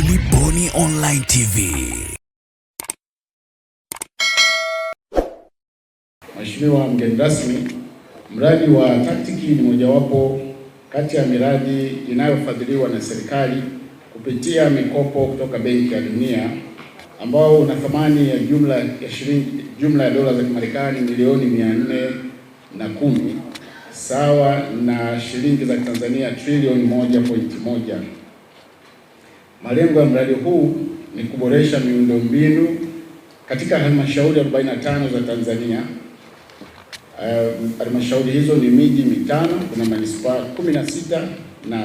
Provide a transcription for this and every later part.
Daily Boni Online TV. Mheshimiwa mgeni rasmi, mradi wa Taktiki ni mojawapo kati ya miradi inayofadhiliwa na serikali kupitia mikopo kutoka Benki ya Dunia ambao una thamani ya jumla ya shilingi jumla ya dola za Kimarekani milioni mia nne na kumi sawa na shilingi za Tanzania trilioni moja pointi moja. Malengo ya mradi huu ni kuboresha miundombinu katika halmashauri 45 za Tanzania. Eh, halmashauri hizo ni miji mitano, kuna manispaa 16 na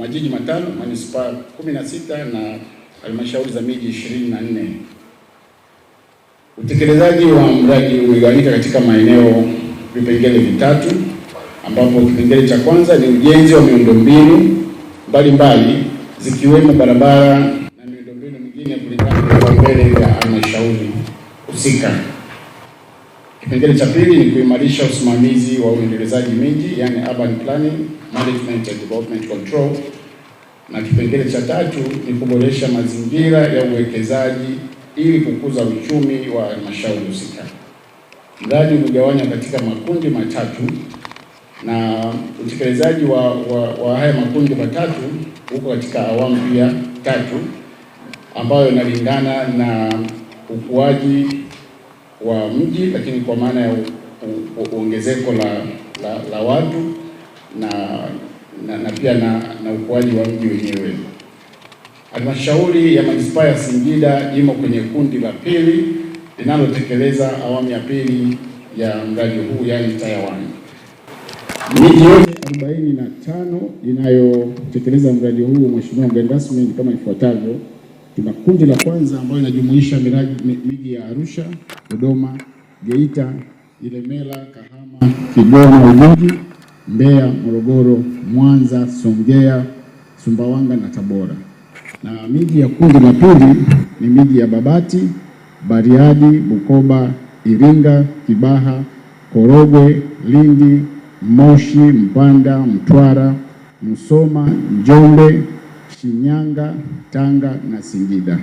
majiji matano, manispaa 16 na halmashauri za miji 24. Utekelezaji wa mradi umegawanyika katika maeneo vipengele vitatu, ambapo kipengele cha kwanza ni ujenzi wa miundombinu mbalimbali zikiwemo barabara na miundombinu mingine kulingana na vipaumbele vya halmashauri husika. Kipengele cha pili ni kuimarisha usimamizi wa uendelezaji miji, yani urban planning management and development control, na kipengele cha tatu ni kuboresha mazingira ya uwekezaji ili kukuza uchumi wa halmashauri husika. Mradi umegawanywa katika makundi matatu na utekelezaji wa, wa, wa haya makundi matatu huko katika awamu pia tatu ambayo inalingana na ukuaji wa mji, lakini kwa maana ya ongezeko la, la, la watu na, na, na pia na, na ukuaji wa mji wenyewe. Halmashauri ya Manispaa ya Singida imo kwenye kundi la pili linalotekeleza awamu ya pili ya mradi huu, yaani Tier 1 miji yote tano inayotekeleza mradi huu, mheshimiwa mgeni rasmi, ni kama ifuatavyo. Tuna kundi la kwanza ambayo inajumuisha miji ya Arusha, Dodoma, Geita, Ilemela, Kahama, Kigoma, Ujiji, Mbeya, Morogoro, Mwanza, Songea, Sumbawanga na Tabora. Na miji ya kundi la pili ni miji ya Babati, Bariadi, Bukoba, Iringa, Kibaha, Korogwe, Lindi Moshi, Mpanda, Mtwara, Musoma, Njombe, Shinyanga, Tanga na Singida,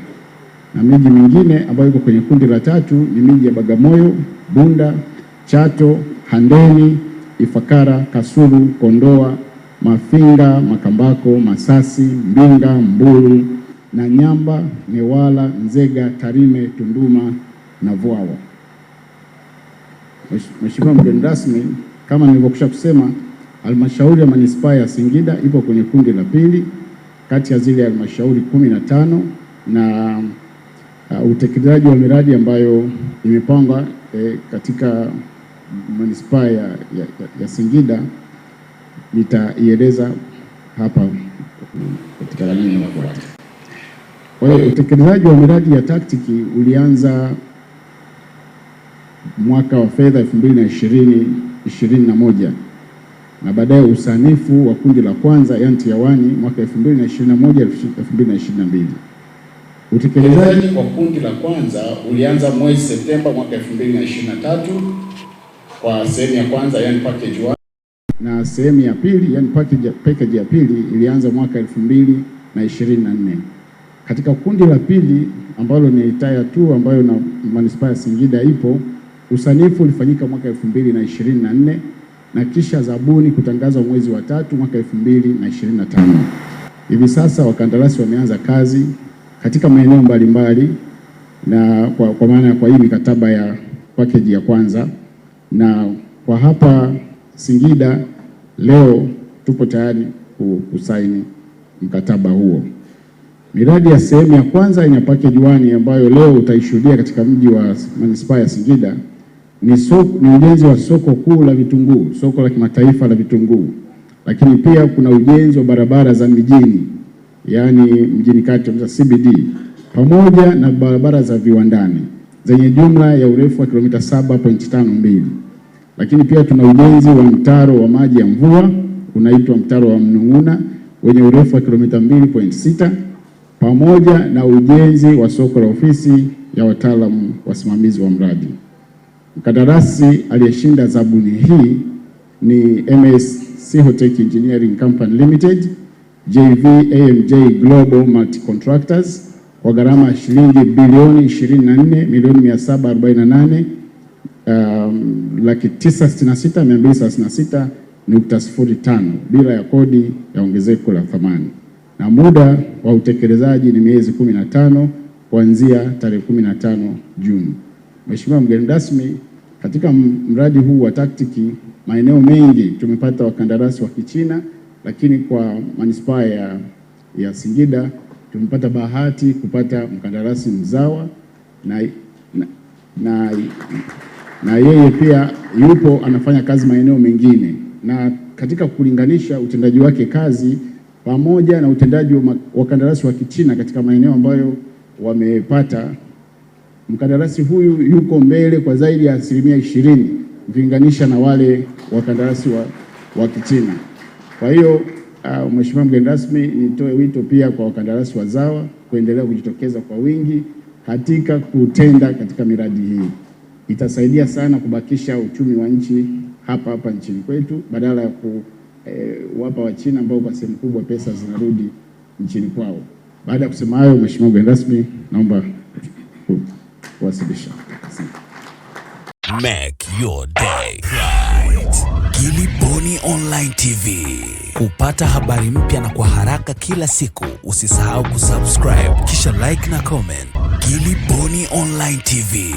na miji mingine ambayo iko kwenye kundi la tatu ni miji ya Bagamoyo, Bunda, Chato, Handeni, Ifakara, Kasulu, Kondoa, Mafinga, Makambako, Masasi, Mbinga, Mbulu na Nyamba, Newala, Nzega, Tarime, Tunduma na Vwawa. Mheshimiwa mgeni rasmi kama nilivyokwisha kusema, halmashauri ya manispaa ya Singida ipo kwenye kundi la pili kati ya zile halmashauri kumi na tano na uh, utekelezaji wa miradi ambayo imepangwa eh, katika manispaa ya, ya, ya Singida nitaieleza hapa katika ramini inayofuata. Kwa hiyo utekelezaji wa miradi ya taktiki ulianza mwaka wa fedha elfu mbili na ishirini ishirini na moja na baadaye usanifu wa kundi la kwanza yani tier 1 mwaka 2021 mbili Utekelezaji wa kundi la kwanza ulianza mwezi Septemba mwaka na ishirini tatu kwa sehemu ya kwanza yani package 1 na sehemu ya pili yani package, package ya pili ilianza mwaka na na ishirini nne Katika kundi la pili ambalo ni tier 2 ambayo na manispaa ya Singida ipo Usanifu ulifanyika mwaka 2024 na kisha zabuni kutangazwa mwezi wa tatu mwaka 2025. Hivi sasa wakandarasi wameanza kazi katika maeneo mbalimbali na kwa, kwa maana kwa hii mikataba ya package ya kwanza na kwa hapa Singida leo tupo tayari kusaini mkataba huo. Miradi ya sehemu ya kwanza ina package 1 ambayo leo utaishuhudia katika mji wa manispaa ya Singida ni, soko, ni ujenzi wa soko kuu la vitunguu, soko la kimataifa la vitunguu, lakini pia kuna ujenzi wa barabara za mijini, yaani mjini kati za CBD, pamoja na barabara za viwandani zenye jumla ya urefu wa kilomita 7.52 lakini pia tuna ujenzi wa mtaro wa maji ya mvua unaitwa mtaro wa Mnung'una wenye urefu wa kilomita 2.6 pamoja na ujenzi wa soko la ofisi ya wataalamu wasimamizi wa mradi. Mkandarasi aliyeshinda zabuni hii ni MS Sihotech Engineering Company Limited JV AMJ Global Multi Contractors kwa gharama shilingi bilioni 24 milioni 748 um, laki 966,236 nukta bila ya kodi ya ongezeko la thamani na muda wa utekelezaji ni miezi 15 kuanzia tarehe 15 Juni. Mheshimiwa mgeni rasmi, katika mradi huu wa taktiki maeneo mengi tumepata wakandarasi wa Kichina, lakini kwa manispaa ya, ya Singida tumepata bahati kupata mkandarasi mzawa na, na, na, na yeye pia yupo anafanya kazi maeneo mengine, na katika kulinganisha utendaji wake kazi pamoja na utendaji wa wakandarasi wa Kichina katika maeneo ambayo wamepata mkandarasi huyu yuko mbele kwa zaidi ya asilimia ishirini ukilinganisha na wale wakandarasi wa, wa Kichina. Kwa hiyo uh, Mheshimiwa mgeni rasmi, nitoe wito pia kwa wakandarasi wazawa kuendelea kujitokeza kwa wingi katika kutenda katika miradi hii, itasaidia sana kubakisha uchumi wa nchi hapa hapa nchini kwetu badala ya ku eh, wapa Wachina ambao kwa sehemu kubwa pesa zinarudi nchini kwao. Baada ya kusema hayo, Mheshimiwa mgeni rasmi, naomba kuwasilisha. Make your day bright. Gilly Bonny Online TV. Kupata habari mpya na kwa haraka kila siku, usisahau kusubscribe kisha like na comment. Gilly Bonny Online TV.